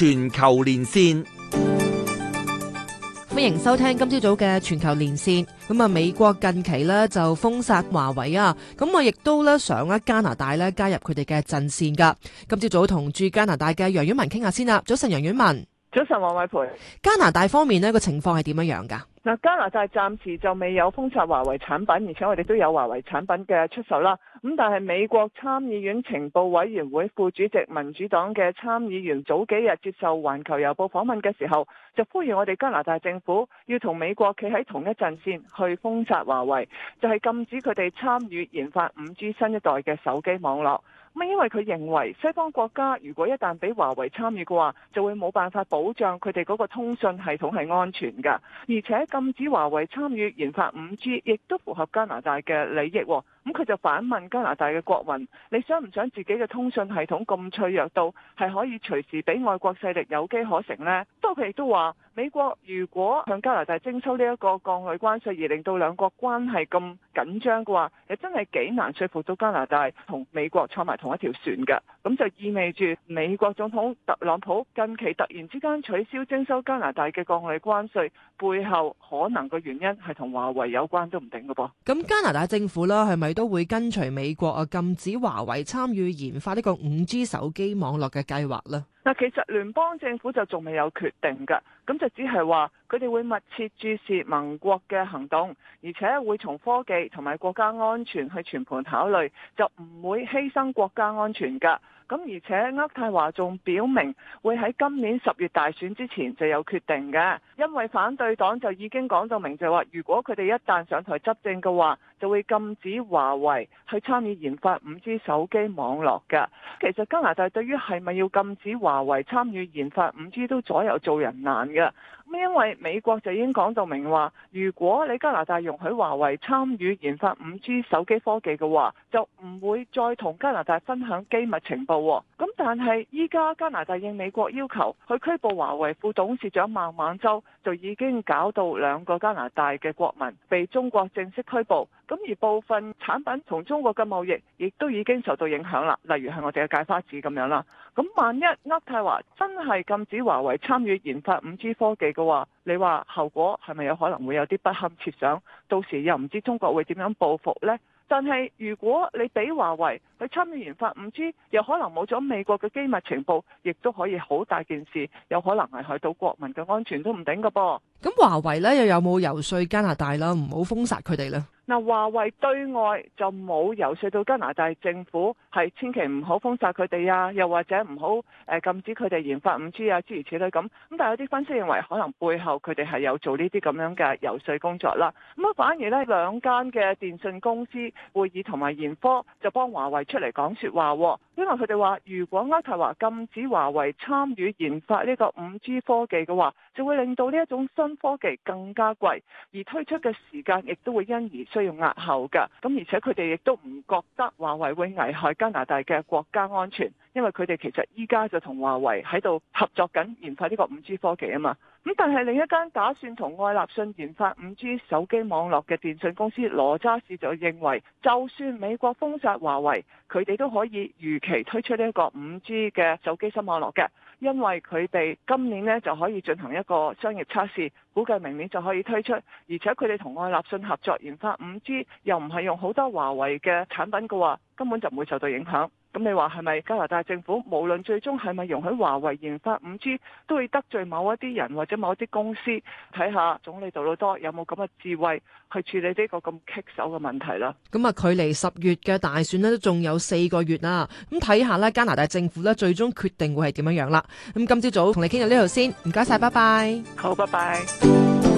全球連線，歡迎收聽今朝早嘅全球連線。咁啊，美國近期呢就封殺華為啊，咁啊亦都咧想加拿大咧加入佢哋嘅陣線噶。今朝早同駐加拿大嘅楊婉文傾下先啦。早晨，楊婉文。早晨，王慧蓓。加拿大方面呢個情況係點樣樣噶？嗱，加拿大暫時就未有封殺華為產品，而且我哋都有華為產品嘅出售啦。咁但係美國參議院情報委員會副主席民主黨嘅參議員早幾日接受《環球郵報》訪問嘅時候，就呼籲我哋加拿大政府要同美國企喺同一陣線去封殺華為，就係禁止佢哋參與研發五 G 新一代嘅手機網絡，咁因為，佢認為西方國家如果一旦俾華為參與嘅話，就會冇辦法保障佢哋嗰個通訊系統係安全噶，而且禁止華為參與研發五 G，亦都符合加拿大嘅利益。咁佢就反問加拿大嘅國民：「你想唔想自己嘅通訊系統咁脆弱到係可以隨時俾外國勢力有機可乘呢？」不過佢亦都話，美國如果向加拿大徵收呢一個鋼鋁關稅而令到兩國關係咁緊張嘅話，係真係幾難說服到加拿大同美國坐埋同一條船嘅。咁就意味住美國總統特朗普近期突然之間取消徵收加拿大嘅鋼鋁關稅，背後可能個原因係同華為有關都唔定㗎噃。咁加拿大政府啦，係咪都會跟隨美國啊，禁止華為參與研發呢個五 G 手機網絡嘅計劃呢？嗱，其實聯邦政府就仲未有決定噶，咁就只係話佢哋會密切注視盟國嘅行動，而且會從科技同埋國家安全去全盤考慮，就唔會犧牲國家安全噶。咁而且渥太華仲表明會喺今年十月大選之前就有決定嘅，因為反對黨就已經講到明就話，如果佢哋一旦上台執政嘅話，就會禁止華為去參與研發 5G 手機網絡嘅。其實加拿大對於係咪要禁止華為參與研發 5G 都左右做人難嘅。咁因為美國就已經講到明話，如果你加拿大容許華為參與研發五 G 手機科技嘅話，就唔會再同加拿大分享機密情報。咁但係依家加拿大應美國要求去拘捕華為副董事長孟晚舟，就已經搞到兩個加拿大嘅國民被中國正式拘捕。咁而部分產品從中國嘅貿易，亦都已經受到影響啦。例如係我哋嘅芥花籽咁樣啦。咁萬一渥太華真係禁止華為參與研發 5G 科技嘅話，你話後果係咪有可能會有啲不堪設想？到時又唔知中國會點樣報復呢。但係如果你俾華為，佢參與研發 5G 又可能冇咗美國嘅機密情報，亦都可以好大件事，有可能危害到國民嘅安全都唔定嘅噃。咁華為咧又有冇遊說加拿大啦，唔好封殺佢哋咧？嗱，華為對外就冇遊說到加拿大政府係千祈唔好封殺佢哋啊，又或者唔好誒禁止佢哋研發 5G 啊，諸如此類咁。咁但係有啲分析認為可能背後佢哋係有做呢啲咁樣嘅遊說工作啦。咁啊反而咧兩間嘅電信公司會議同埋研科就幫華為。出嚟講說話，因為佢哋話，如果渥太華禁止華為參與研發呢個五 G 科技嘅話，就會令到呢一種新科技更加貴，而推出嘅時間亦都會因而需要押後嘅。咁而且佢哋亦都唔覺得華為會危害加拿大嘅國家安全，因為佢哋其實依家就同華為喺度合作緊研發呢個五 G 科技啊嘛。咁但係另一間打算同愛立信研發 5G 手機網絡嘅電信公司羅渣士就認為，就算美國封殺華為，佢哋都可以如期推出呢一個 5G 嘅手機新網絡嘅，因為佢哋今年呢就可以進行一個商業測試，估計明年就可以推出，而且佢哋同愛立信合作研發 5G，又唔係用好多華為嘅產品嘅話，根本就唔會受到影響。咁你話係咪加拿大政府無論最終係咪容許華為研發五 G 都會得罪某一啲人或者某一啲公司？睇下總理杜魯多有冇咁嘅智慧去處理呢個咁棘手嘅問題啦。咁啊，距離十月嘅大選呢，都仲有四個月啦。咁睇下呢，加拿大政府呢，最終決定會係點樣樣啦。咁今朝早同你傾到呢度先，唔該晒，拜拜。好，拜拜。